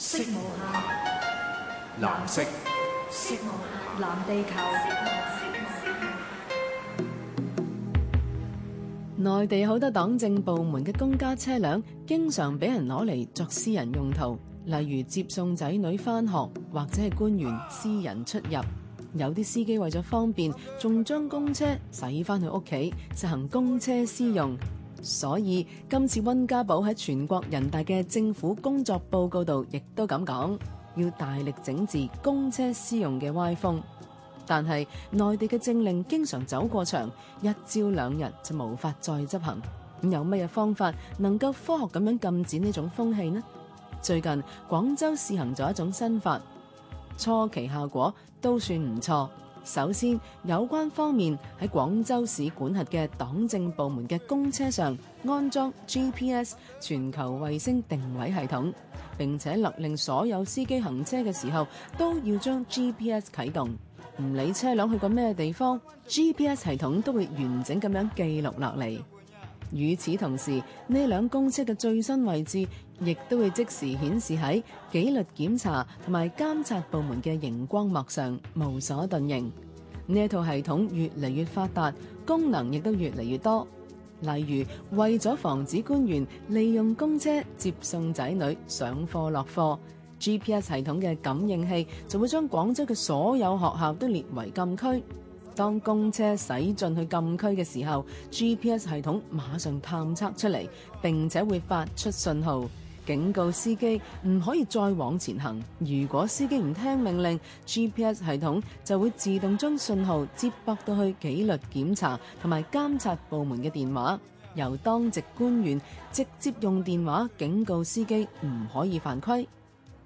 色無限，藍色。色無限，藍，色藍地球。內地好多黨政部門嘅公家車輛，經常俾人攞嚟作私人用途，例如接送仔女返學，或者係官員私人出入。有啲司機為咗方便，仲將公車駛返去屋企，實行公車私用。所以今次溫家寶喺全國人大嘅政府工作報告度，亦都咁講，要大力整治公車私用嘅歪風。但係內地嘅政令經常走過場，一朝兩日就無法再執行。咁有乜嘢方法能夠科學咁樣禁止呢種風氣呢？最近廣州試行咗一種新法，初期效果都算唔錯。首先，有關方面喺廣州市管轄嘅黨政部門嘅公車上安裝 GPS 全球衛星定位系統，並且勒令所有司機行車嘅時候都要將 GPS 啟動，唔理車輛去過咩地方，GPS 系統都會完整咁樣記錄落嚟。與此同時，呢輛公車嘅最新位置亦都會即時顯示喺紀律檢查同埋監察部門嘅熒光幕上，無所遁形。呢一套系統越嚟越發達，功能亦都越嚟越多。例如，為咗防止官員利用公車接送仔女上課落課，GPS 系統嘅感應器就會將廣州嘅所有學校都列為禁區。當公車駛進去禁區嘅時候，GPS 系統馬上探測出嚟，並且會發出信號，警告司機唔可以再往前行。如果司機唔聽命令，GPS 系統就會自動將信號接駁到去紀律檢查同埋監察部門嘅電話，由當值官員直接用電話警告司機唔可以犯規。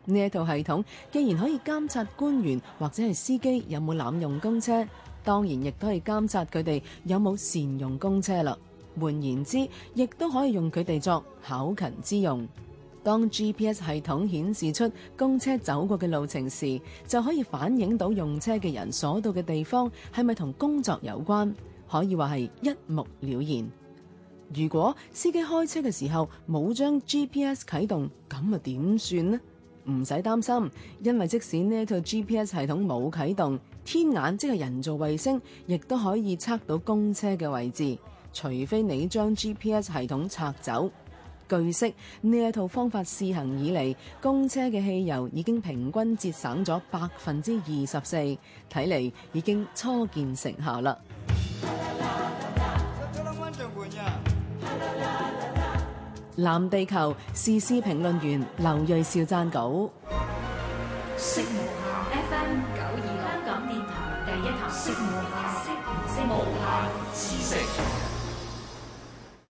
呢一套系統既然可以監察官員或者係司機有冇濫用公車，當然亦都係監察佢哋有冇善用公車啦。換言之，亦都可以用佢哋作考勤之用。當 GPS 系統顯示出公車走過嘅路程時，就可以反映到用車嘅人所到嘅地方係咪同工作有關，可以話係一目了然。如果司機開車嘅時候冇將 GPS 啟動，咁啊點算呢？唔使擔心，因為即使呢套 GPS 系統冇啟動，天眼即係人造衛星，亦都可以測到公車嘅位置。除非你將 GPS 系統拆走。據悉，呢一套方法試行以嚟，公車嘅汽油已經平均節省咗百分之二十四，睇嚟已經初見成效啦。藍地球時事評論員劉銳紹撰稿。